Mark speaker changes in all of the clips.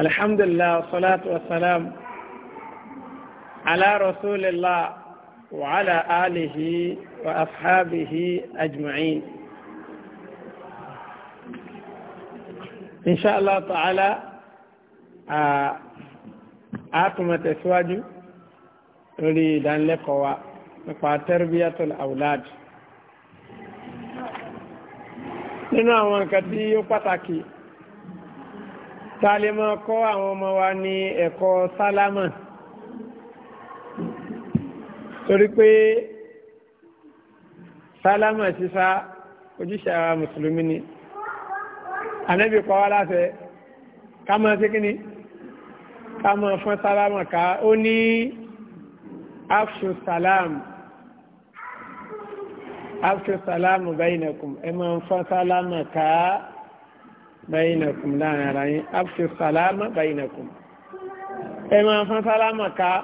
Speaker 1: الحمد لله والصلاة والسلام على رسول الله وعلى آله وأصحابه أجمعين إن شاء الله تعالى آتمة تسواجو نريد أن لقوا تربية الأولاد awlad كثير àwọn ta lè máa kọ́ àwọn ọmọ wa ní ẹ̀kọ́ sálámà torí pé sálámà sísá ojúṣe àwa mùsùlùmí ni ànábì kọ́ wa láṣẹ ká máa ṣe kíni ká máa fún sálámà ká ó ní afṣu salam afṣu salam bainakum ẹ máa fún sálámà ká báyìnàkùn láàrin ara yín áfíṣù sàlámà báyìnàkùn ẹ máa fán sálámà ká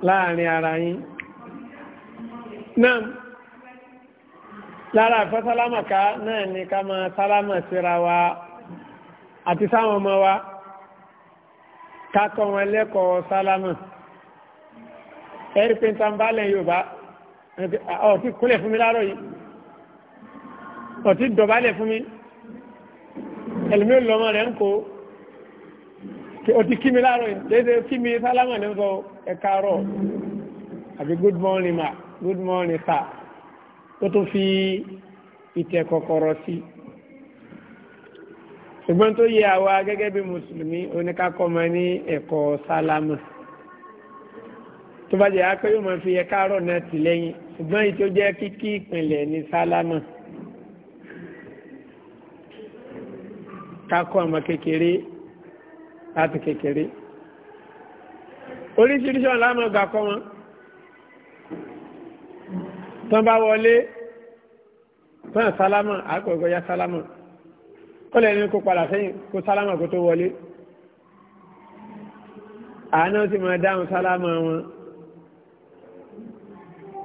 Speaker 1: láàrin ara yín náà lára àfẹ́ sálámà ká náà ni ká máa sálámà síra wa àti sáwọn ọmọ wa kákọ́ wọn lẹ́kọ̀ọ́ sálámà ẹ̀rí pé tàbálẹ̀ yorùbá ọ̀tí kúlẹ̀ fún mi láàárọ̀ yìí ọ̀tí dọ̀bálẹ̀ fún mi ẹlùmí olùlọ́mọ rẹ̀ ń kó o ti kí mi láàárọ̀ léde kí mi sálámà ní sọ ẹ káàárọ̀ àbí good morning ma good morning sir ó tó fi ìtẹ̀ kọ̀kọ̀rọ̀ sí ṣùgbọ́n tó yẹ àwa gẹ́gẹ́ bí mùsùlùmí oníkàkọ́mọ ní ẹ̀kọ́ sálámà tó bá jẹ́ akẹ́yọ̀mọ́ fi ẹ káàárọ̀ náà tì lẹ́yìn ṣùgbọ́n èyí kíkí ìpìnlẹ̀ ní sálámà. kakọ́ ọmọ kékeré láti kékeré oríṣiríṣi ọ̀la máa gbà kọ́ wọn tán bá wọlé tán sálámà àgbẹ̀gbẹ̀ ya sálámà ó lẹ́ni kó padà sẹ́yìn kó sálámà kó tó wọlé àánà sì máa dáhùn sálámà wọn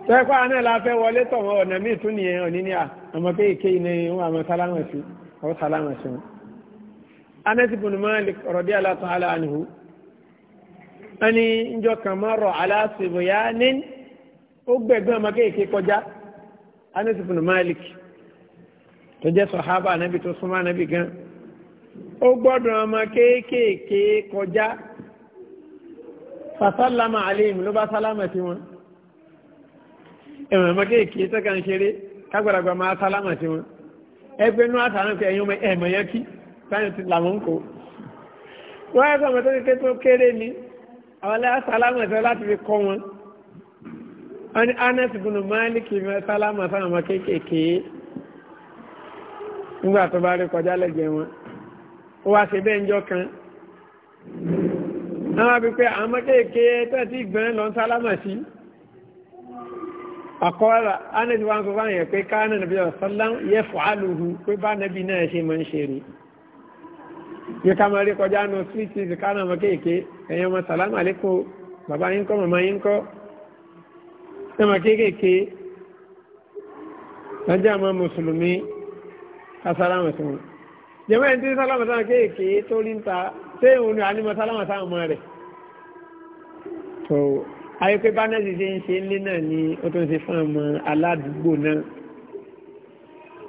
Speaker 1: tẹ́kọ́ àánà la wọlé tọ̀wọ́ ọ̀nà míì tún nìyẹn òní ní à ọmọ ni wọ́n àmọ́ sálámà sí ọ Anasi bin Malik radiyallahu ta'ala anhu ẹni njọ kan máa rọ aláṣẹbù yá ní ó gbẹ̀gbẹ́ ọmọ kéèké kọjá Anasi bin Malik tó jẹ́ sọ̀hábà anábì tó súnmọ́ anábì gan ó gbọ́dọ̀ ọmọ kéèké kọjá fàtàlámà aléhìn ló bá sálámà sí wọn ẹ̀wọ̀n ọmọ kéèké tẹ́ka ṣeré kágbàdàgbà máa sálámà sí wọn ẹgbẹ́ inú àtàrà ń fi yẹn kí sáyẹ̀nsì làwọn ń kó wọ́n yẹ kọ́ ọmọ tó kékeré tó kéré ni àwọn aláya sálámù ẹ̀sẹ̀ láti fi kọ́ wọn wọ́n ní Anas bùnú Máàlìkì mẹ́ sálámù sáwọn ọmọ kéékèèké nígbà tó bá rí kọjá lẹ́gbẹ̀ẹ́ wọn ó wá ṣe bẹ́ẹ̀ ńjọ́ kan àwọn abipẹ́ àwọn ọmọ tẹ́tí ìgbẹ́rẹ́ lọ sálámù sí àkọ́ọ̀rà Anas wá fáwọn yẹn pé káà nàbí ọ̀sán láwọn yẹ fọ́ àlùhù pé bá nàbí náà ṣe máa ń ṣe rèé yóò ká máa rí kọjá nù síìtì ìsìká náà mọ kéèké ẹ̀yin ọmọ sàlámù àlékò bàbá yín kọ́ màmá yín kọ́ ẹ mọ kéèké lọ́jọ́ àmọ́ mùsùlùmí asálàmù sí wọn. jẹ́mọ́ ẹni tí sálàmù sáwọn kéèké tó rí ń ta ṣé òun ni ànímọ̀ sálàmù sáwọn ọmọ rẹ̀. tó ayé pé bánẹ́sì ṣe ń ṣe ńlé náà ni ó tó ń ṣe fún ọmọ aládùúgbò náà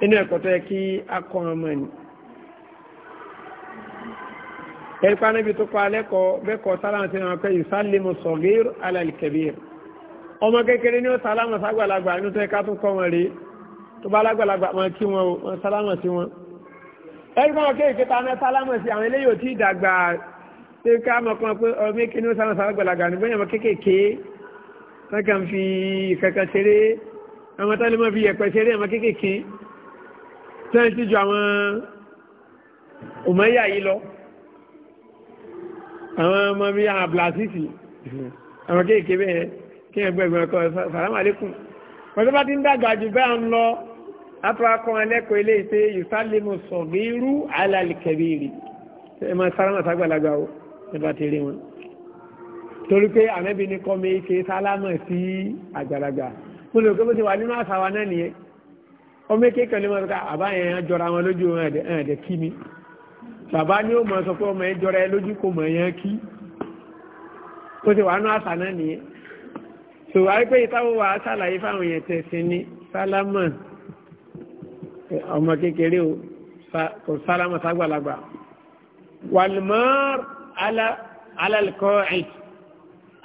Speaker 1: inú ẹ̀kọ́ tó yẹ kí á kọ́ ọmọ ni ẹ̀rípa níbi tó pa alẹ́kọ̀ọ́ bẹ́kọ̀ sálámà sí àwọn akẹ́yìn sálẹ̀mù sọ̀gẹ́rù alàlìkẹ̀bìr ọmọ kékeré ní ó sálámà ságbàlagbà inú tó ẹka tó kọ́ wọn rí tó bá lágbàlagbà wọn kí wọn wọn sálámà sí wọn ẹ̀rípa wọn kéèké ta ní sálámà sí àwọn eléyìí ò tí ì dàgbà tó ká mọ̀ kan pé ọmọ èké ní ó sálámà ságbàlagbà ní bóyá ọmọ kékèké kankan fi kankan ṣeré ọmọ tẹ́lẹ̀ mọ́ fi yẹ̀pẹ̀ ṣeré ọmọ kékèké tẹ́lẹ̀ ti ju àwọn òmẹ́yà yìí lọ àwọn ọmọ bíi àbùlàsìsì àwọn kéèké bẹ́ẹ̀ kí ẹ gbẹ̀gbẹ̀ ọkọ̀ sàlámù àlékún pẹ̀lú bá ti ń dàgbà jù bẹ́ẹ̀ ń lọ atọ́akọ́ ẹlẹ́kọ̀ọ́ ilé ìpé yùsálẹ́mù sọ̀gírú alálìkẹ̀bìrì ẹ máa sáramà sàgbàlagbà o ẹ bá ti rí wọn torí pé ànábì ní kọ́mi ike sálámà sí àgbàlagbà mo lè kébé ti wà nínú àṣà wa náà nìyẹn ọmọ eke kẹlẹ́ mọ́ bàbá ni ó mọ̀ sọ pé ọmọ ẹ jọra ẹ lójú kò mọ̀ yẹn kí ó ti wà nú àṣà náà nìyẹn tò wáyé pé ìtawọ́ wa ṣàlàyé fáwọn èèyàn tẹ̀sí ní sálámà ọmọ kékeré o kò sálámà ságbàlagbà wàlùmọ́r alálùkọ́ ẹ̀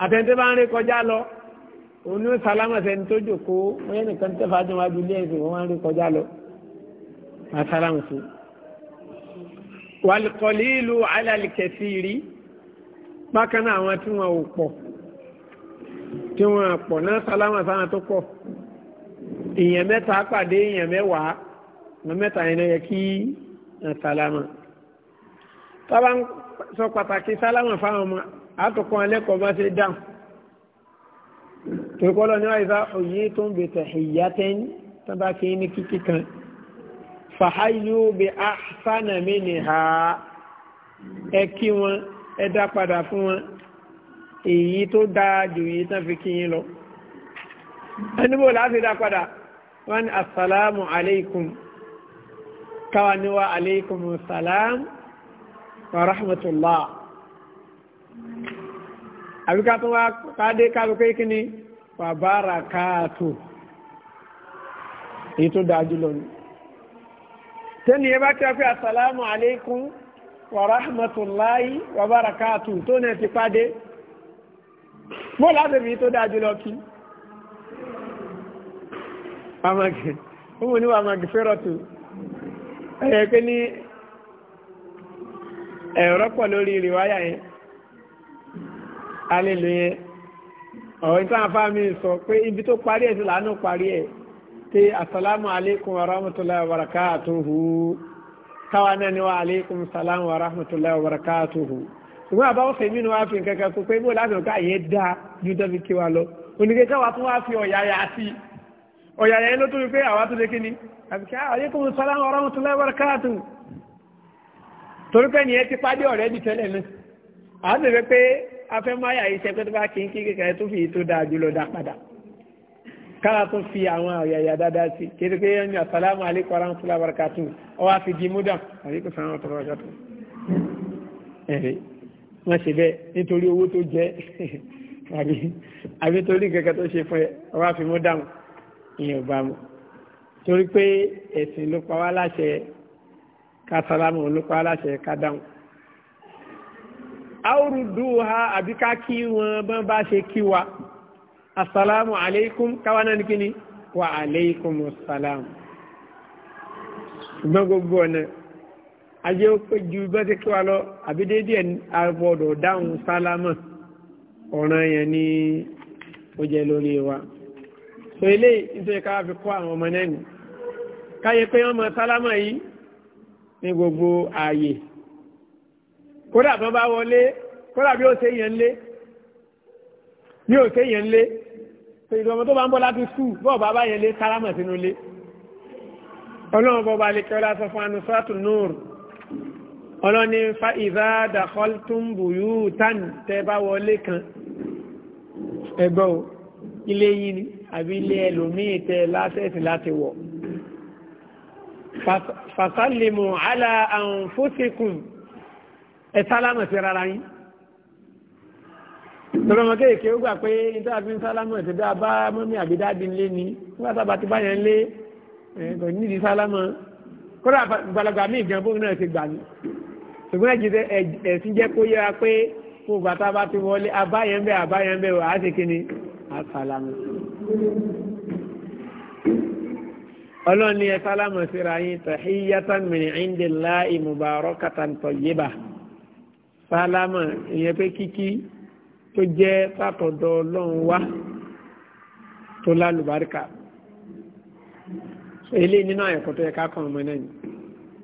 Speaker 1: àtẹ̀ntẹ́ bá ń rí kọjá lọ òun ó sálámà sẹ́ni tó jòkó wọ́n yẹn nìkan tẹ́fà jọ wájú ilé ẹ̀sìn wọ́n wá ń rí kọjá lọ wọ́n sálámà sí i wàlùkọ̀lílù alálìkẹsìrì bákan náà àwọn tí wọ́n ò pọ̀ tí wọ́n pọ̀ náà sálámà sáwọn tó pọ̀ èèyàn mẹ́ta pàdé èèyàn mẹ́wàá wọn mẹ́ta yẹn yẹ kí sálámà tọ́ba ń sọ pàtàkì sálámà fáwọn ọmọ àtọkọ alẹ́kọ̀ọ́ bá ṣe dáhùn tòkọ́lọ́ ní wáyé sá òye tó ń bètè ìyá tẹ́yìn tọ́ba kì í ní kíkí kan fàháyú bí ahsana minha ẹ kí wọn ẹ dá padà fún wọn èyí tó dáa jù yìí tán fi kí yín lọ ẹnubó láti dá padà wọn ni assalamu alaikum káwa ni wa salam wa rahmatullah àbíká tó wá kádé kábíkẹ́ kí ni wa barakatuh èyí tó dáa jù lọ ni. tẹ́ni ẹ bá kí wọ́n pé asalaamu aleykum wa rahmatulahi wa barakatu tó náà ti pàdé bó lábẹ́bí tó dáa jùlọ kí ọmọ ní wàá magi fẹ́rọ̀tù ẹ̀yẹ pé ní ẹ̀rọ pọ̀ lórí ìrìwáyà yẹn sọ pé ibi tó parí ẹ̀ sí làánú parí pé asalaamu aleykum wa rahmatulahi wa barakatuhu káwa náà ni wa aleykum salaam wa rahmatulahi wa barakatuhu ṣùgbọ́n àbáwọ̀ fèmí ni wàá fi nǹkan kan kó pé bó láti ọ̀gá yẹn dá ju dẹ́bi kí wa lọ oníkẹ́kẹ́ wa tún wá fi ọ̀yàyà sí i ọ̀yàyà yẹn ló tún fi pé àwa tún lè kí ni àbíkẹ́ ah, aleykum salaam wa rahmatulahi wa barakatuhu torí pé ni ti pàdé ọ̀rẹ́ bí tẹ́lẹ̀ náà àá sì rẹ pé afẹ́mọ́ àyà yìí ṣe pé tó bá kí n kí kékeré tó fi ètò dáa jùlọ dá padà kára tó fi àwọn àyàyà dáadáa sí kéde pé ẹni àsàlámù alaykum warahmatullahi wabarakatuh ọwọ́ àfi di múdà alaykum sàlámù tó bára kàtó ẹ̀rẹ́ wọ́n ṣe bẹ́ẹ̀ nítorí owó tó jẹ́ àbí torí kẹ̀kẹ́ tó ṣe fún ẹ ọwọ́ àfi múdà ìyẹn ò bá mu torí pé ẹ̀sìn ló pa wá láṣẹ ká sàlámù ló pa wá láṣẹ ká dáhùn àwòrán ha àbí ká kí wọn bá ṣe kí wa assalamu alaikum káwa náà ní kí ni wa alaikum salam ṣùgbọ́n gbogbo ọ̀nà ajé ó pé ju bá ti kí wa lọ àbí déédéé àgbọ̀dọ̀ dáhùn sálámà ọ̀ràn yẹn ní ó jẹ́ lórí wa so eléyìí nítorí káwá fi kọ́ àwọn ọmọ náà nì káyẹ pé wọ́n mọ sálámà yìí ní gbogbo ààyè kódà tó bá wọlé kódà bí ó ṣe yẹn lé bí ó ṣe yẹn lé tó ìlú ọmọ tó bá ń bọ́ láti skul bọ́ọ̀ bá bá yẹn lé sálámà sínú ilé ọlọ́run bọ́ọ̀ bá lè kí ọlá sọ fún anu sọ́ọ̀tù nùr ọlọ́ni fa ìdá dàkọ́tùmbù yóò tán tẹ́ bá wọlé kan ẹgbọ́ ilé yín ni àbí ilé ẹlòmíì tẹ lásẹ̀sì láti wọ̀ fàṣálìmù àlà àǹfóṣekùn ẹ sálámà sí rárá yín tọ́lọ́ ọmọ kéèké ó gbà pé níta fi ń sálámù ẹ̀ tó bí a bá mọ́mí àbídáàdì ńlé ni nígbà tá a bá ti bá yẹn lé kò nídìí sálámù kódà gbalagbà míì gan bóun náà ti gbà mí ṣùgbọ́n ẹ̀jẹ̀ ẹ̀sìn jẹ́ kó yẹra pé fún ìgbà bá ti wọlé abáyẹn bẹ́ẹ̀ abáyẹn bẹ́ẹ̀ wà á ti kíni á sálámù. ọlọ́run ni ẹ sálámù síra yín tahiyyatan min indillahi tó jẹ́ látọ̀dọ̀ ọlọ́run wá tó lálùbáríkà ilé nínú ẹ̀kọ́ tó yẹ ká kọ́ ọmọ náà ni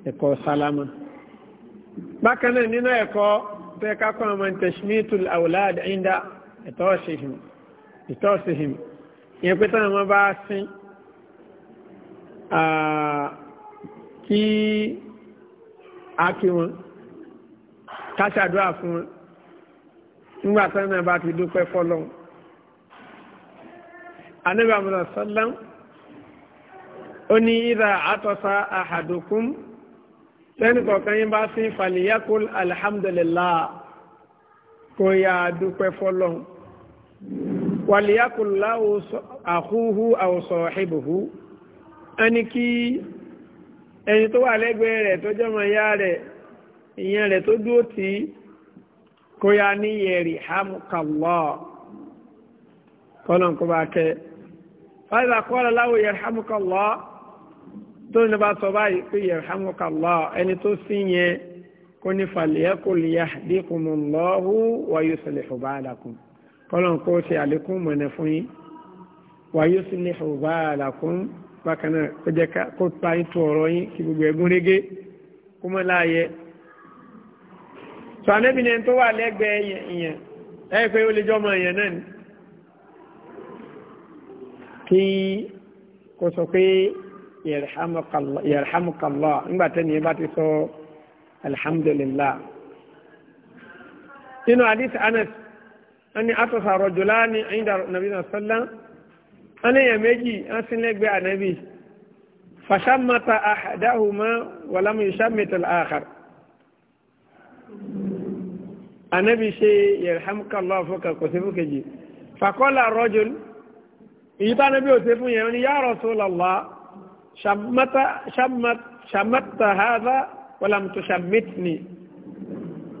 Speaker 1: ẹ̀kọ́ sálámà bákan náà nínú ẹ̀kọ́ tó yẹ ká kọ́ ọmọ tashmitul awlad inda ìtọ́sihim ìtọ́sihim ìyẹn pé táwọn ọmọ bá sín kí á kí wọn ká ṣàdúrà fún wọn nígbà táwọn náà bá ti dúpẹ́ fọ́lọ́ anábì àmàlà sọ́lám ó ní ìdá àtọ́sá àhàdùkún tẹ́nì kọ̀ọ̀kan yín bá sí fàlìyàkùn alhamdulillah kò yà dúpẹ́ fọ́lọ́ wàlìyàkùn láwù àhúhù àwùsọ̀ ìbùhù ẹni kí ẹni tó wà lẹ́gbẹ̀ẹ́ rẹ̀ tó jẹ́ mọ̀ yá rẹ̀ ìyẹn rẹ̀ tó dúró tì í kó yá ní yẹ̀rì hamukallah kọ́lọ̀ kó bá kẹ́ fáìlà kọ́lọ̀ láwọ yẹ̀rì hamukallah tó ní bá sọ báyìí pé yẹ̀rì hamukallah ẹni tó sí yẹn kó ní falyakul yahdikumullahu wa yuslihu balakum kọ́lọ̀ kó ṣe àlékún mọ̀nà fún yín wa yuslihu balakum bákan náà kó jẹ́ kó ta ètò ọ̀rọ̀ yín kí gbogbo ẹ̀gún régé kó mọ́ láàyè sọ ànábì ni ẹni tó wà lẹ́gbẹ̀ẹ́ ìyẹn ẹ pé ó lè jọmọ ìyẹn náà ni kí kò sọ pé yarhamukallah nígbà tẹ́ni ẹ bá ti sọ alhamdulillah inú hadith anas ani atasa rajulani inda nabi sallam ani ya méjì an sin lẹ́gbẹ̀ẹ́ anabi fashammata ahadahuma wa lam yushammit anabi ṣe yarhamukallah fọkà kò sí fún kejì fàkọ́lá rọ́jòl èyí bá anabi ò sí fún yẹn ni ya Rasulullah ṣàmàtà hàdá wàlám tó ṣàmìtìní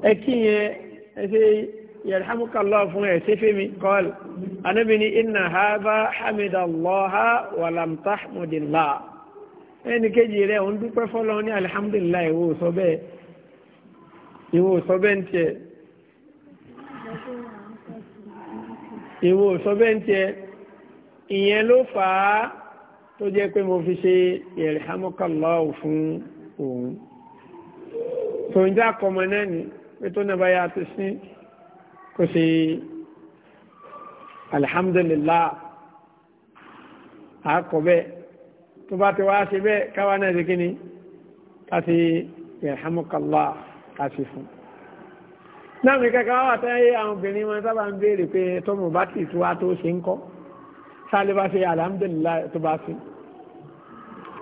Speaker 1: ẹ kí yẹn ẹ ṣe yarhamukallah fún ẹ ṣe fẹ́mi kọ́l anabi ni inna hàdá hamidallaha wàlám tahmudillah ẹni kejì rẹ̀ òun dúpẹ́ fọ́lọ́ ní alhamdulillah ìwò sọ bẹ́ẹ̀ ìwò sọ bẹ́ẹ̀ ń ìwọ sọ́bẹ̀ntì ìyẹn ló fà á tó jẹ́ pé mo fi ṣe yarhamukallahu fún òun tòǹjà kọmọ náà ni pé tó nàbà yà ti sí kò sí alhamdulillah àkọ́ bẹ́ẹ̀ tó bá ti wá ṣe bẹ́ẹ̀ káwa náà ṣe kí ni ká ti yarhamukallah ká ṣe fún un náà mi kẹ́kẹ́ wà tẹ́ àwọn obìnrin wọn sábà ń béèrè pé tọ́mù bá ti tu wá tó ṣe ń kọ́ sáré bá ṣe alhamdulillah tó bá fi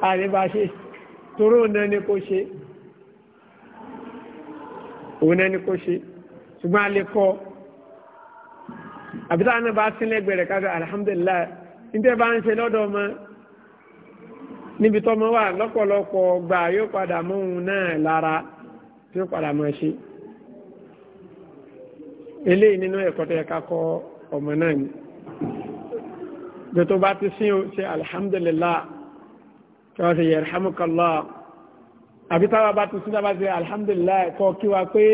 Speaker 1: àrẹ bá ṣe toró náà ni kò ṣe òun náà ni ṣe ṣùgbọ́n a lè kọ́ àbí táwọn náà bá sí lẹ́gbẹ̀rẹ̀ kájọ alhamdulillah níbẹ̀ bá ń ṣe lọ́dọ̀ ọmọ níbi tọ́mọ wà lọ́pọ̀lọpọ̀ gbà yóò padà mọ́ òun náà lára tí padà mọ́ ṣe eléyìí nínú ẹ̀kọ́ tó yẹ ká kọ́ ọmọ náà ni gbẹ̀tọ́ bá ti sín o ṣe alhamdulillah tí wọ́n ṣe yarhamukallah àbí táwa bá ti sín ṣe alhamdulillah kọ́ kí wa pé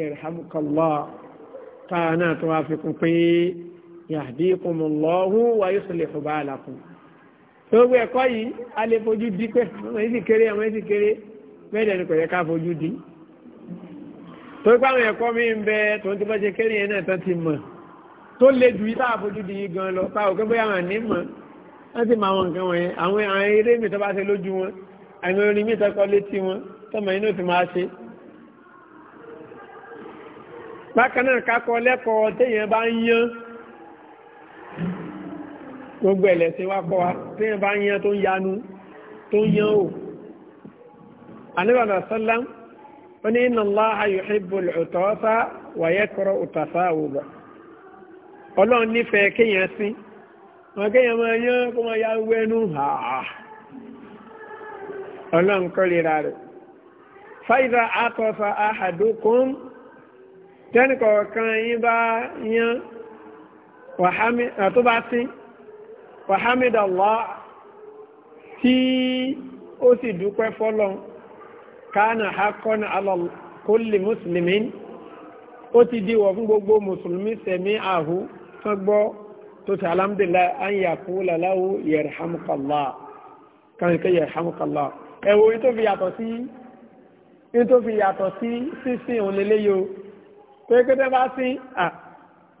Speaker 1: yarhamukallah táwa náà tó wá fi kún pé yahdikumullahu wa yuslihu balakum gbogbo ẹ̀kọ́ yìí a lè fojú di pé àwọn èsì kéré àwọn èsì kéré bẹ́ẹ̀ dẹ̀ ni kò yẹ ká fojú di tó ń pàwọn ẹ̀kọ́ mi ń bẹ tó ń tí bọ́ ṣe kéré yẹn náà tán ti mọ̀ tó le jù yìí táàfojú di yìí gan lọ táwọn òkè bóyá wọn ní mọ̀ wọ́n ti mọ àwọn nǹkan wọ̀nyẹn àwọn àwọn eré mi tó bá ṣe lójú wọn àwọn orin mi tó kọ́ létí wọn tọmọ inú ti máa ṣe. bákan náà kakọ lẹ́kọ̀ọ́ téèyàn bá ń yán gbogbo ẹ̀lẹ́sìn wá kọ́ wa téèyàn bá ń yán tó ń yanu tó ń yán o. àníbàdàn sọ́lá ó ní inna Allaha yuhibbul utasa wa yakrahul utasawuba ọlọ́run nífẹ̀ẹ́ kéèyàn sí wọn kéèyàn máa yán kó kuma ya owó ẹnu hàá ọlọ́run kọ́lera rẹ̀ fáìdà àtọ́fà ahadukum tẹ́nìkọ̀ọ̀kan yín bá yán tó bá sí wàhámídà Allah tí ó sì dukwe fọ́lọ́run kánà hakọ́n alọ́kólì mùsùlùmí ó ti di wọ̀ fún gbogbo mùsùlùmí sẹ̀mí àhú tó gbọ́ tó ti alhamdulillah an yàkú laláwo yẹ̀rẹ̀hámùkàlá kànkẹ́ yẹ̀rẹ̀hámùkàlá ẹ̀wò yìí tó fi yàtọ̀ sí yìí tó fi yàtọ̀ sí sísìn òun lélẹ́yìí o pé kí tẹ́ bá sí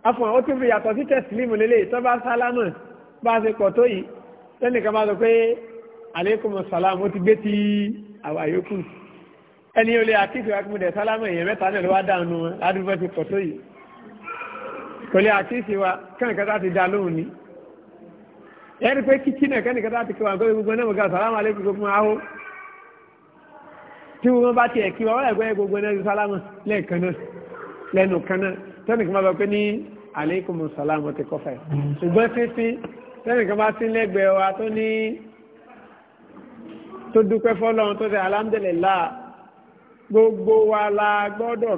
Speaker 1: àfọ̀n ó tún fi yàtọ̀ sí tẹ̀sílímù lélẹ́yìí tó bá sálámù bá a ṣe pọ̀ tó yìí tẹ́nìkan bá sọ pé alaykumus salam ó ti gbé ti àwọn àyókù ẹni olè àkíkì wa dẹ̀ sálámà èèyàn mẹ́ta náà ló wá dáhùn wọn ládùúgbò ti pọ̀ tó yìí kò lè àkíkì wa kẹ́nìkan láti dá lóhùn ni ẹni pé kíkí náà kẹ́nìkan láti kí wa gbé gbogbo náà gbogbo sálámà lé gbogbo ahó tí wọn bá tiẹ̀ kí wa wọ́n ẹ̀gbẹ́ gbogbo náà sálámà lẹ́ẹ̀kan náà lẹ́nu kan náà tẹ́nìkan bá bá pé ní aleikum salamu ti kọfẹ ṣùgbọ́n sísín tẹ́nìkan bá sí lẹ́gbẹ̀ẹ́ wa tó ní tó dúpẹ́ fọ́lọ́run tó ṣe alhamdulillah gbogbo wa la gbọ́dọ̀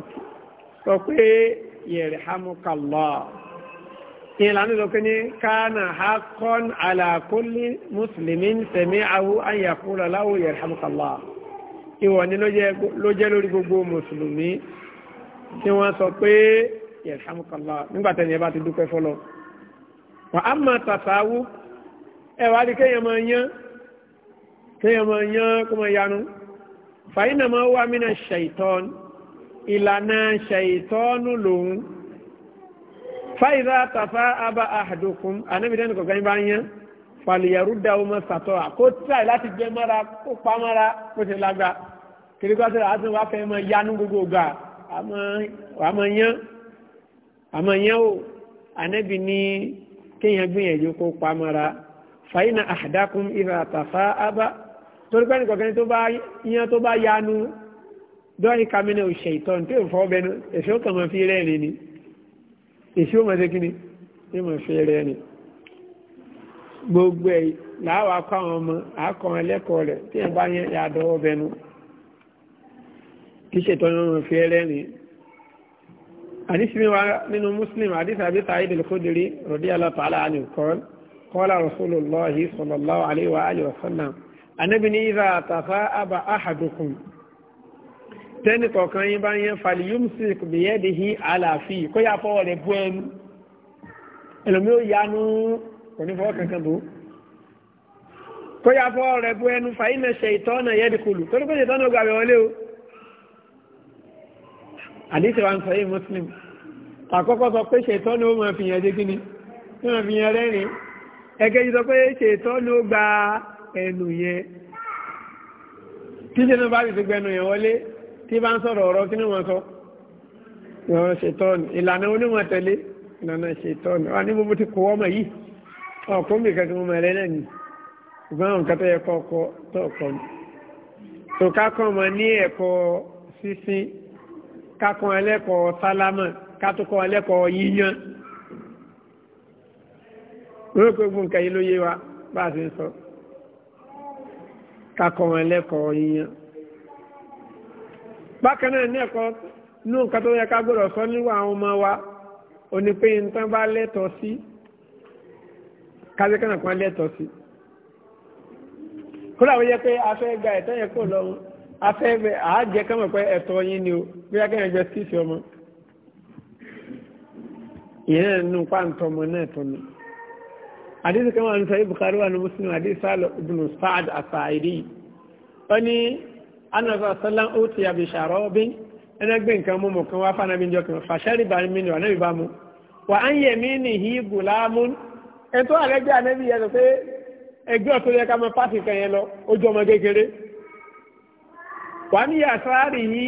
Speaker 1: sọ pé yerhamukallah ìlànà ìlòkè ní kánà hakon ala kulli muslimin sami'ahu an yaqula lahu yerhamukallah ìwọ̀ ló jẹ́ lórí gbogbo mùsùlùmí tí wọ́n sọ pé yerhamukallah nígbàtẹ̀ ní ẹbá ti dúpẹ́ fọ́lọ́ wà á máa tàṣáwú ẹwà rí kéèyàn máa yán kéèyàn máa yán kó máa yanu fàyínà máa wà mínà ṣàìtọ́n ìlànà ṣàìtọ́nù lòun fàyínà tàfà àbá àdókùn anábìdẹ́nì kọ̀ọ̀kan bá ń yán fàlìyàrú da ọmọ sàtọ́ àkótíà láti gbé mára kó pa mára kó ti lágbá kìrìkọ́sì rà á tún wá fẹ́ mọ gbogbo gbà àmọ́ yán àmọ́ anábì ní kéèyàn gbìyànjú kó pa mára fàyínà àdákùn ìrà tàfà àbá àdókùn torí pé nìkọ̀kẹ́ni tó bá yán tó bá yanu dọ́ọ̀yì kamínà òṣè ìtọ́n tí ò fọ́ bẹnu èsì ó kàn máa fi rẹ́ẹ̀rin ni èsì ó máa ṣe kí ni ní máa fi rẹ́ẹ̀rin gbogbo ẹ̀ láwọ̀ akọ àwọn ọmọ akọ wọn lẹ́kọ̀ọ́ rẹ̀ tí ẹ̀ bá yẹn yàdọ́wọ́ bẹnu kì í ṣètò ní wọn fi rẹ́ẹ̀rin àdísìmí wa nínú muslim àdísì àbí sàáyid al-Khudri radiyallahu ta'ala anhu qala qala rasulullahi sallallahu anábì ní ìzà àtàfà àbà ahadukum tẹ́nì kọ̀ọ̀kan yín bá ń yẹn fàlì yóò sì bì yẹ́ di hí àlàáfì kó yà fọwọ́ rẹ̀ bú ẹnu ẹlòmí ó yanu kò ní fọwọ́ kankan bò kó yà fọwọ́ rẹ̀ bú ẹnu fàyí náà ṣe ìtọ́nà yẹ́ di kùlù torí pé ìtọ́nà ó gbàgbé o àdìsí wa ń sọ yìí muslim àkọ́kọ́ sọ pé ṣètọ́nà ó máa fi yẹn dé kíni ó máa fi yẹn rẹ́rìn-ín ẹnu yẹn tí ṣe náà bá ti gbẹnu yẹn wọlé tí bá ń sọ̀rọ̀ ọ̀rọ̀ kí ni wọ́n sọ ìwọ̀n ṣètọ́nù ìlànà oníwọ̀n tẹ̀lé ìlànà ṣètọ́nù wà ní gbogbo ti kọ́ ọmọ yìí ọkùnrin kan tí mo mọ̀ lẹ́nà ni ṣùgbọ́n àwọn nǹkan tó yẹ kọ́ ọkọ tó ọkọ ni tó kákọ́ ọmọ ní ẹ̀kọ́ sísìn kákọ́ ẹlẹ́kọ̀ọ́ sálámà kátókọ́ ẹlẹ́kọ̀ọ́ yíyan lórí pé gbogbo nǹkan yìí ló yé wa bá a ti ń sọ kakọ̀ wọn lẹ́kọ̀ọ́ yíyan bákan náà ní ẹ̀kọ́ ní nǹkan tó yẹ ká gbọ́dọ̀ sọ níwọ̀ àwọn ọmọ wa ò ní pé nǹkan bá lẹ́tọ̀ọ́ sí kájẹ́kẹ́ náà kan lẹ́tọ̀ọ́ sí kúrò àwọn yẹ pé a fẹ́ ẹ̀tọ́ yẹn kò lọ́wọ́ a fẹ́ àájẹ kọ́mọ̀ pé ẹ̀tọ́ yín ni o bí wákẹ́ yẹn jẹ́ sí ìfẹ́ ọmọ ìyẹn nù pàǹtọ́mọ náà tọ́nu àdísì kan wà ní sọ́yí Bukhari wà ní Muslim àdísì sálọ̀ ibn Sa'ad àsàìdí ó ní anàfà sọ́lán ó ti yàbí ṣàrọ́ bí ẹnẹgbẹ́ nǹkan mú mọ̀ kan wá fún anábì jọ kan fàṣẹ́rì bá mi ní ọ̀nà ìbámu wà á ń yẹ mí ní hí gùlámù ètò àlẹ́gbẹ́ anábì yẹn lọ ẹgbẹ́ ọ̀tún yẹ ká mọ pàṣẹ kan yẹn lọ ó ọmọ kékeré wà ní yà yìí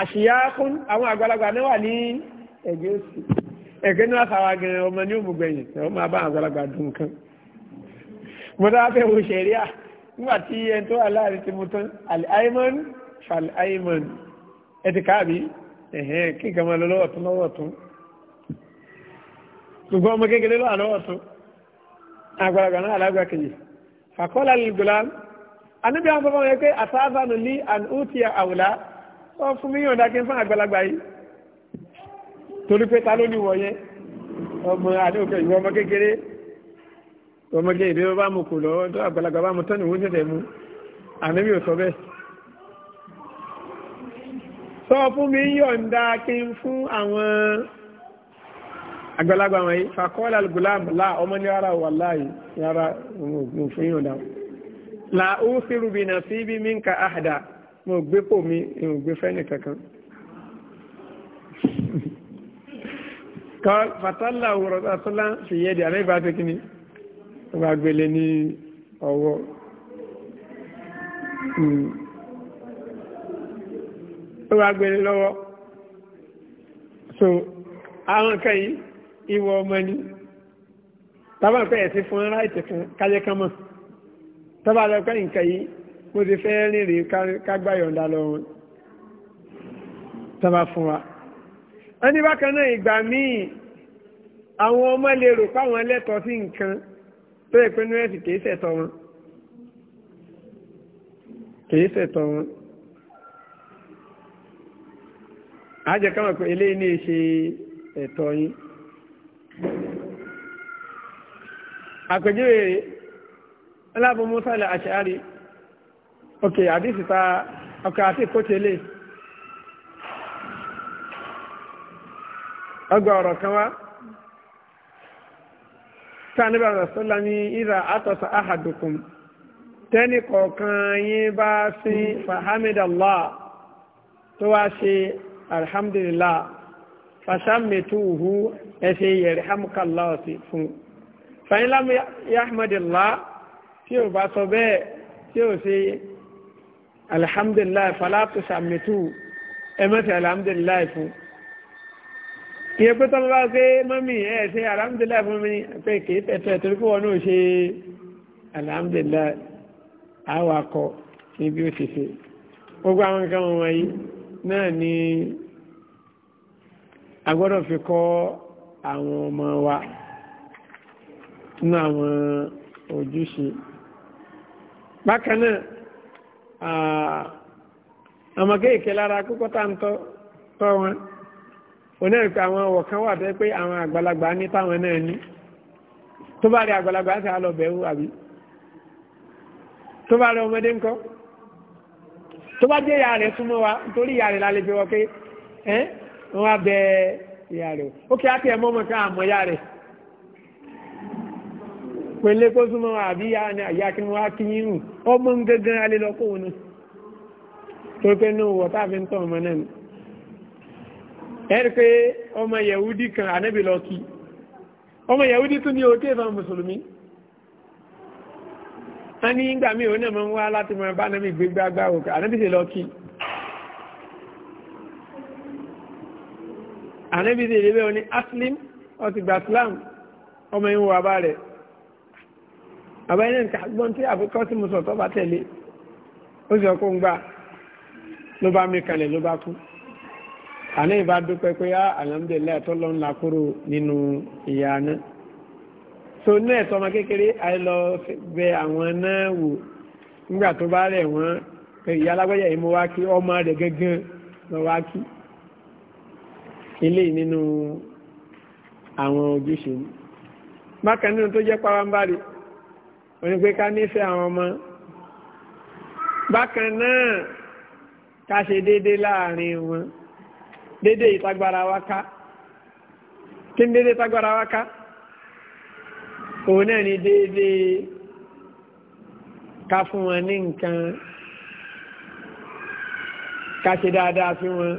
Speaker 1: àṣìyá fún àwọn àgbàlagbà náà wà ní ẹ̀gbẹ́ òsì ẹ̀kẹ́ ní a wa gẹ̀rẹ̀ ọmọ ní òmùgbẹ̀yìn ẹ̀ ọmọ abá àgbàlagbà dùn kan mo dá fẹ́ wo ṣẹ̀ríà nígbà tí ẹni tó wà láàrin ti mo tán àlìáìmọ́n ṣàlìáìmọ́n ẹ ti káàbí ẹ̀hẹ́n kí nǹkan máa lọ lọ́wọ́ tún lọ́wọ́ tún ọmọ kékeré lọ́wọ́ lọ́wọ́ tún náà alágbà kejì fàkọ́lá yẹ pé ní wọ́n fún fún yìí torí pé ta ló ní wọ̀nyẹ ọmọ àdéhùkẹ́ ìwọ ọmọ kékeré ọmọ kékeré bá mu kù lọ́wọ́ tó àgbàlagbà bá mu tọ́nù wọ́n ṣẹ̀ṣẹ̀ mu ànábì ò sọ bẹ́ẹ̀. sọ fún mi yọ̀ǹda kí n fún àwọn àgbàlagbà wọ̀nyí fàkọ́lá gùlám là ọmọ ní ara wà láàyè yàrá òun fún yọ̀ǹda. là ó fi rubin àti ibi mi ń ka àhàdà mo gbé pò mi mo gbé fẹ́ni kankan. kọ́l fatala òwúrọ̀ sọ́lá fi yẹ́ di àrẹ́bà tó kí ni ó bá ní ọwọ́ hmm. ó bá lọ́wọ́ so àwọn kan yìí ìwọ ọmọ ni tábà pẹ́ ẹ̀ sí fún ráìtì kan káyẹ́ kan mọ̀ tábà lọ pẹ́ yìí mo ti fẹ́ rìnrìn kágbáyọ̀ǹda lọ wọn tábà fún wa ẹni bákan náà ìgbà míì àwọn ọmọ lè rò páwọn ẹlẹ́tọ̀ọ́ sí nǹkan tó yẹ pé nírẹ́sì kìí ṣẹ̀tọ́ wọn kìí ṣẹ̀tọ́ wọn àjẹ́ káwọn pé eléyìí ní ṣe ẹ̀tọ́ yín àpèjúwe alábòmúsàlẹ̀ àṣàárí òkè àdìsíta ọkọ̀ àti ìkóṣe ọgbà ọ̀rọ̀ kan wá tá níbà rọ̀sọ́lá ní ìrà àtọ̀sọ̀ ahadukum tẹ́nì kọ̀ọ̀kan yín bá sí fahamidallah tó wá ṣe alhamdulillah fàṣàmìtúhù ẹ̀ṣẹ̀ yarhamukallah sí fún fàyínlámi yahmadillah tí ò bá sọ bẹ́ẹ̀ tí ò ṣe alhamdulillah fàlátùsàmìtú ẹ̀mẹ́sẹ̀ alhamdulillah fún ìyẹn pé tọ́lọ́lá pé mọ́mí ẹ̀ ṣe alhamdulillah fún mi pé kìí tẹ̀tẹ̀ torí pé wọn náà ṣe alhamdulillah awakọ̀ ní bí ó ṣe ṣe gbogbo àwọn nǹkan wọn wọ̀nyí náà ni a gbọ́dọ̀ fi kọ́ àwọn ọmọ wa nínú àwọn ojúṣe bákan náà ọmọ kéèké lára kókó tá ń tọ́ wọn oní ẹ̀rí pé àwọn ọ̀wọ̀ kan wà tẹ́ pé àwọn àgbàlagbà ní táwọn náà ní tó bá rí àgbàlagbà sí àlọ́ bẹ̀rù àbí tó bá rí ọmọdé ńkọ́ tó bá jẹ́ ìyá rẹ̀ súnmọ́ wa torí ìyá rẹ̀ lálejò wọ́n pé ẹ́ wọ́n á bẹ ìyá rẹ̀ ó kí á tiẹ̀ mọ́ ọmọ kan àmọ́ ìyá rẹ̀ pẹ̀lẹ́ kó súnmọ́ wa àbí ìyá ni àyà kí wọ́n á kí yín rù ọmọ ń gángan alẹ́ lọ kóhun náà torí pé náà wọ́n táà fi ń tọ́ ọmọ náà ẹ̀rí pé ọmọ yẹ̀wúdí kan ànábì lọ kí ọmọ yẹ̀wúdí tún ní òkè ìfọ̀n mùsùlùmí a ní ìgbà míì òun náà máa ń wá láti máa bá ànábì gbé gbágbá òkè ànábì sì lọ aslim ọtí gbàsílám ọmọ yìí abá rẹ̀ àbá yìí náà gbọ́n tí àfikọ́ sí mu sọ̀tọ́ bá tẹ̀lé ó sì ọkọ̀ ń gbà ló bá mi kalẹ̀ ló bá kú àná ìbá dúpẹ́ pé á ah, alhamdulillah tó lọ́n la kúrò nínú ìyá so náà ẹ̀tọ́ ọmọ kékeré àìlọ bẹ àwọn náà wò nígbà tó bá rẹ̀ wọ́n ìyá alágbẹ́yà yìí mo wá kí ọmọ rẹ̀ gángan lọ wá kí ilé nínú àwọn ojúṣe bákan nínú tó jẹ́ pàwámbárì òní pé ká nífẹ̀ẹ́ àwọn ọmọ bákan náà ká ṣe déédéé láàrin wọn. Dede ìtagbára waka, kí ni dédé ìtagbára wa òun náà ni dede ká fún wọn ní nǹkan ká ṣe dáadáa fi wọn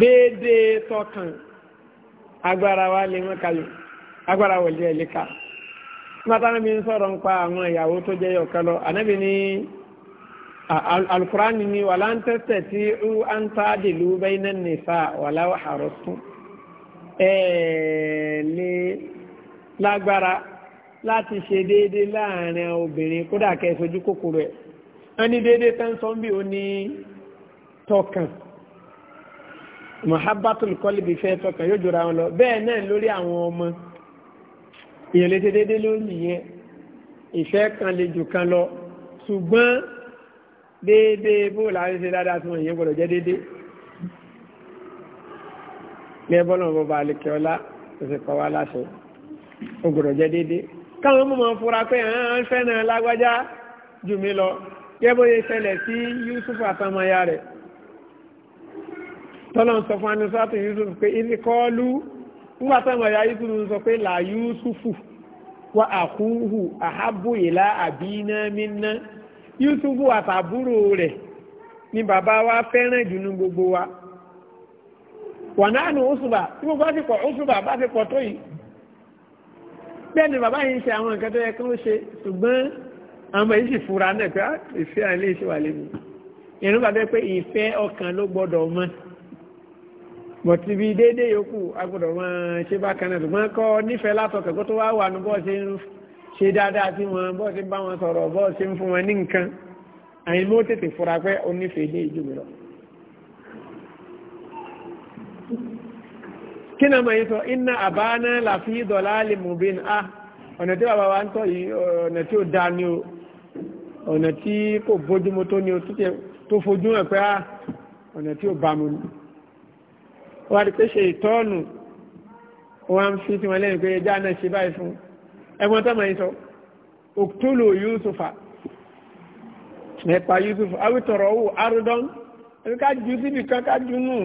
Speaker 1: Dede tọkàn agbara wa lè mọ́ kayọ̀ agbára wọ̀lẹ́ ẹ̀lẹ́ka. mátánàbí ń sọ̀rọ̀ ń pa àwọn ìyàwó tó jẹ́ yọ̀kan lọ ànábì ní. alukurani ni wàlá ń tẹ́tẹ̀ tí ó ń tá dìlú bẹ́ẹ̀ náà nìfà wàlá àrọ̀ tún ẹ̀ẹ́lẹ́ lágbára láti ṣe déédé láàrin obìnrin kódà kẹsọjú kòkòrò ẹ̀ ẹni déédé tán sọ́nbí ó ní tọkàn mahabbatul kọlìbì fẹ́ tọkàn yóò jọra wọn lọ bẹ́ẹ̀ náà lórí àwọn ọmọ èèyàn lè ṣe déédé lórí yẹn ìfẹ́ kan lè jù kan lọ ṣùgbọ́n déédéé bó láàrin ṣe dáadáa tí wọ́n yẹ gbọ́dọ̀ jẹ́ déédéé ní ẹbọ́nà bọba alẹ́kẹ́ ọlá ṣe kọ́ wá láṣẹ ó gbọ́dọ̀ jẹ́ déédéé káwọn mọ̀ fura pé àwọn fẹ́ràn lágbájá jù mí lọ yẹ bó ṣe ṣẹlẹ̀ sí Yusuf àtàmọ́yá rẹ̀ tọ́lọ̀ ń sọ fún anusátù Yusuf pé ilé kọ́ọ́lù ńgbà táwọn Yusuf ń sọ pé là Yusufu wa àkúhù àhábù ìlà àbínà Yusufu àtàbúrò rẹ̀ ni bàbá wa fẹ́ràn jù gbogbo wa wọ̀nánù òṣùbà tí gbogbo àsìkò òṣùbà bá ti pọ̀ tó yìí ni bàbá yìí ń ṣe àwọn nǹkan tó yẹ kí wọ́n ṣe ṣùgbọ́n àwọn sì fura náà pé ah, ìfẹ́ àlẹ́ ìṣe wà lẹ́nu ìrún bàbá pé ìfẹ́ ọkàn ló gbọ́dọ̀ mọ́ bọ̀tí bí déédéé yòókù agbọ́dọ̀ mọ́ ṣe bákan náà ṣùgbọ́n kọ́ nífẹ̀ẹ́ látọkẹ̀ kó tó ṣe dáadáa sí wọn bọ́ọ̀ sí bá wọn sọ̀rọ̀ bọ́ọ̀ sí ń fún wọn ní nǹkan àyìn mọ́ tètè fura pé onífèé dé ìjú mi lọ. kí náà máa yí sọ iná àbáná làfi dọ̀lá lè mú bí a ah, ọ̀nà tí bàbá wa ń tọ̀ yìí ọ̀nà tí ó da ni o ọ̀nà tí kò bójúmu tó ni o tó fojú hàn pé ah, ọ̀nà tí ó bá mu ni. wọ́n á rí pé ṣe ìtọ́ọ̀nù wọ́n á ń fi lẹ́yìn pé ẹja náà ṣe báyìí fún un ẹgbọ́n tó máa ń sọ òkútólò yusufa nípa yusufa awítọ̀rọ̀ owó arúdán ẹni ká ju síbi kan ká ju nù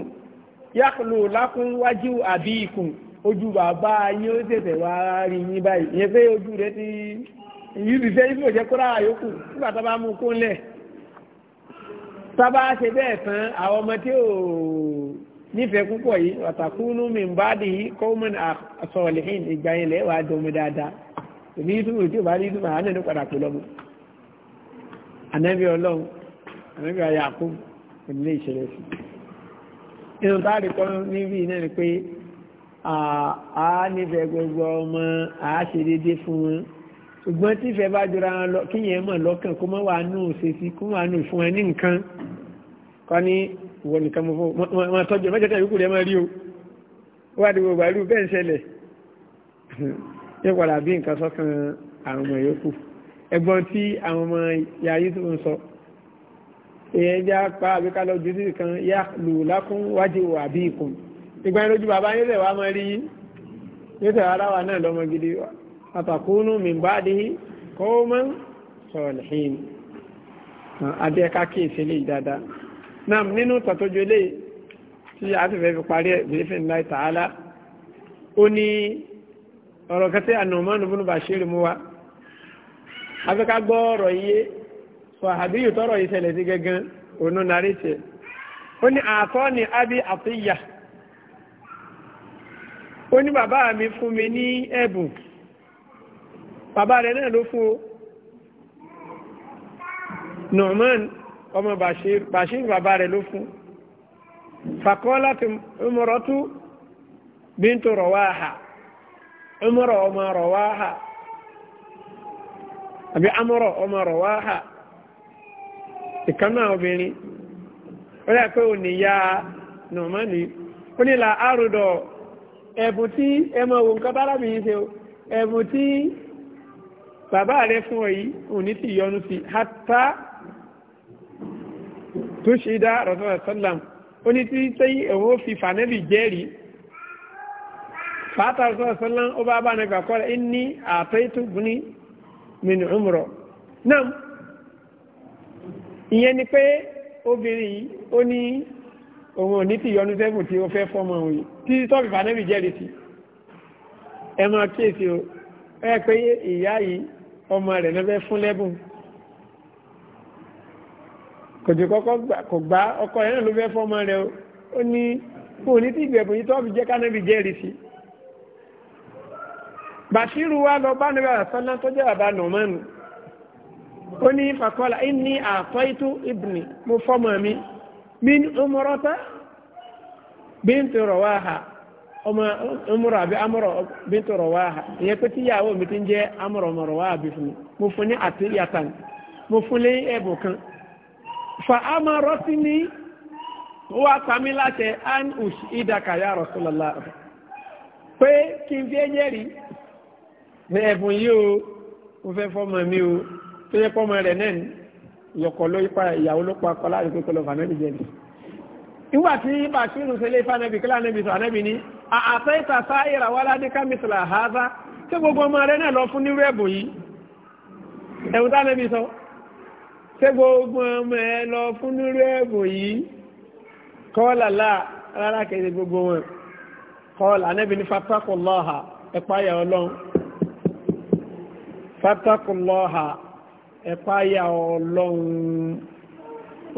Speaker 1: yàkùlù lákùn wájú àbí ikùn ojú bàbá yín ó tètè wá rí yín báyìí ìyẹn pé ojú rẹ ti yìí ti fẹ́ yífò jẹ́ kóra àyókù nígbà tó bá mú kún lẹ̀ sábà ṣe bẹ́ẹ̀ tán àwọn ọmọ tí ò nífẹ̀ẹ́ púpọ̀ yìí ọ̀tàkùnú mi ń bá dì í kọ́mọ̀nì àsọ̀ọ̀lẹ́hìn ìgbà yẹn lẹ́wàá domi dáadáa kò ní ìtumù tí ò bá ní ìtumù àwọn ẹni padà pè lọ́mọ ànábì ọlọ́run ànábì ayàkó kò ní lè ṣẹlẹ̀ sí inú táàrí kọ́ níbi iná ni pé a nífẹ̀ẹ́ gbogbo ọmọ a ṣe déédéé fún wọn ṣùgbọ́n tífẹ̀ẹ́ bá jọra wọn lọ kíyẹn mọ̀ lọ́kàn kó mọ́ wà nù ṣe sí kó wà nù fún ẹ ní nǹkan kọ́ ní ìwọ nìkan mọ́ tọ́jú mẹ́jọ kan yòókù rẹ̀ máa rí o wọ́n á dìbò bàálù bẹ́ẹ̀ ń ṣẹlẹ̀ yóò padà bí nǹkan sọ́kàn àwọn ọmọ yòókù ẹgbọ́n tí àwọn ọmọ ya yusuf ń sọ èèyàn já pa àbíkálọ̀ ojú sí kan yá lù lákún wájú àbí ìkùn ìgbà yẹn lójú bàbá yóò tẹ̀ wá rí yóò tẹ̀ ara wa náà lọ́mọ gidi àtàkùnú mi bá dé kó mọ́ sọ̀lẹ́hìn adẹ́ka kí ìṣẹ̀lẹ̀ ìdada náà nínú tọ́tọ́jú eléyìí tí a ti fẹ́ fi parí ẹ̀ bí ìfẹ́ ńlá ìtàhálà ó ní ọ̀rọ̀ kan tí ànàmọ́nù bínú bá ṣe rí mú wa afẹ́ká gbọ́ ọ̀rọ̀ yé sọ̀hàbíyù tọrọ yìí ṣẹlẹ̀ sí gẹ́gẹ́ ònú narí tẹ̀ ó ní àtọ́ ni abi àtìyà ó ní bàbá mi fún mi ní ẹ̀bùn bàbá rẹ̀ náà ló fún o nọ̀mọ́n ọmọ bàṣír bàbá rẹ̀ ló fún fàkọ́ láti mọ̀rọ́tú bíntò rọ̀wáhà amara ọmọ rọwáhà àbí amara ọmọ rọwáhà ìkànnà obìnrin ó yà pé òní ya nọ̀mánì ó ní là árùdọ̀ ẹ̀bùn tí ẹ máa wo nǹkan bára mi yìí ṣe o ẹ̀bùn tí bàbá rẹ fún ọ yìí òní ti yọnu sí hátà tó ṣe dá rọ̀sọ̀rọ̀ sọ́làm ó ní tí sẹ́yìn ẹ̀wọ̀n fi fànẹ́bì jẹ́rìí fata sallan o ba ba na ga kola inni ataitu buni min umro nam ìyẹn ni pé obìnrin yìí ó ní òun ò ní ti yọnu sẹ́gùn tí ó fẹ́ fọ́mọ òun yìí tí tọ́bì fànẹ́bì jẹ́rìí sí ẹ máa kíyèsí o ẹ pé ìyá yìí ọmọ rẹ̀ lọ́fẹ́ fún lẹ́bùn kò tí kọ́kọ́ kò gbá ọkọ ẹ̀ ló fẹ́ fọ́mọ rẹ̀ o ní kò ní ti ìgbẹ̀bùn yìí tọ́bì jẹ́ kánẹ́bì jẹ́rìí sí i bàṣírù wá lọ bá níbẹ̀ tó jẹ́ bàbá nọ̀mọ́nù ó ní fàkọ́lá ní àtọ́ ìtú mo fọ́mọ̀ mi mi ọmọrọ́ta bí n ha ọmọ àbí amọrọ bí n ha ìyẹn pé tí mi ti ń jẹ́ mo fún ní àti mo fún ní ẹ̀bùn kan fa amọrọ sí ní wá an ush idaka ya pé kí n fi ní ẹ̀bùn yìí o mo fẹ́ fọ́mọ mi o tó yẹ pọ́mọ rẹ̀ náà ní ìyọ̀kọ̀ ló ipa ìyàwó ló pa kọlá àti pípẹ́ lọ fànẹ́bì jẹ́ ni. nígbà tí bàṣírù ṣe lé fànẹ́bì kílà nẹ́bì sọ ànẹ́bì ní àtẹ ìtàsá ìràwọ̀ aládéká mìsìlà àhásá tí gbogbo ọmọ rẹ̀ náà lọ fún nírú ẹ̀bùn yìí ẹ̀bùn tá nẹ́bì sọ tí gbogbo ọmọ ẹ lọ fún nírú ẹ̀bùn yìí kọ́ọ̀lá rárá kẹ́ fatakulọ́ha ẹ̀páyà ọlọ́run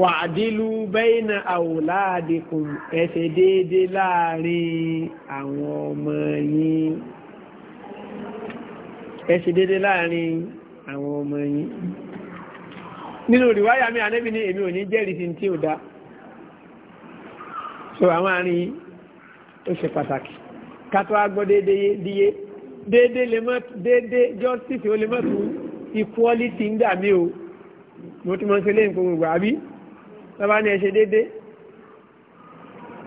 Speaker 1: wàdílù bẹ́ẹ̀nà àwòláàdìkùn ẹ̀ṣẹ̀ déédé láàrin àwọn ọmọ yín ẹ̀ṣẹ̀ déédé láàrin àwọn ọmọ yín nínú ìrìwáyà mi ànẹ́bí ní èmi ò ní jẹ́rìí sí tí ò dá so àwọn àárín ó ṣe pàtàkì ká tó á gbọ́ déédéé lè mọ́ déédéé justice ó lè mọ́ tún equality ń dà mí o mo ti mọ́ sí lẹ́yìn fún gbogbo àbí lọ́ba ni ẹ ṣe déédéé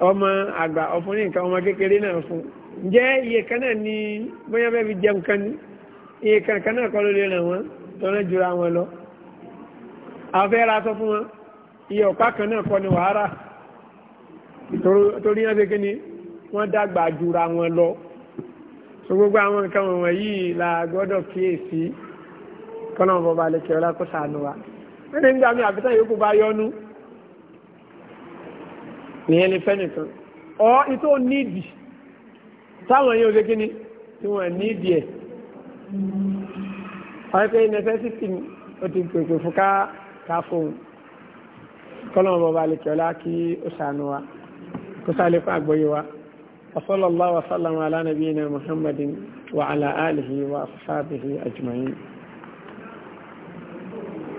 Speaker 1: ọmọ àgbà ọkùnrin nǹkan ọmọ kékeré náà fún ǹjẹ́ iye kan náà ni bóyá bẹ́ẹ̀ fi jẹun kan ní iye kan kan náà kọ́ ló lè ràn wọ́n tọ́nà jura wọn lọ àwọn fẹ́ ra sọ fún wọn iye ọ̀pá kan náà kọ́ ni wàhálà torí wọn ṣe kí ni wọ́n dàgbà jura wọn lọ so gbogbo àwọn nǹkan wọ̀nyí la gbọ́dọ̀ kíyèsí kọ́nà ọ̀bọ̀ balẹ̀ kí ọlá kó sànù wa wọ́n ní nígbà mi àbíta yòókù bá yọnu nìyẹn ni fẹ́nìkan ọ ìtò nídìí táwọn yóò ṣe kí ni tí wọ́n nídìí ẹ̀ wọ́n pe necessity ó ti pèpè fún ká ká fóun kọ́nà ọ̀bọ̀ balẹ̀ kí ọlá kí ó sànù wa kó sálẹ̀ fún àgbọ́yé wa. وصلى الله وسلم على نبينا محمد وعلى آله وأصحابه أجمعين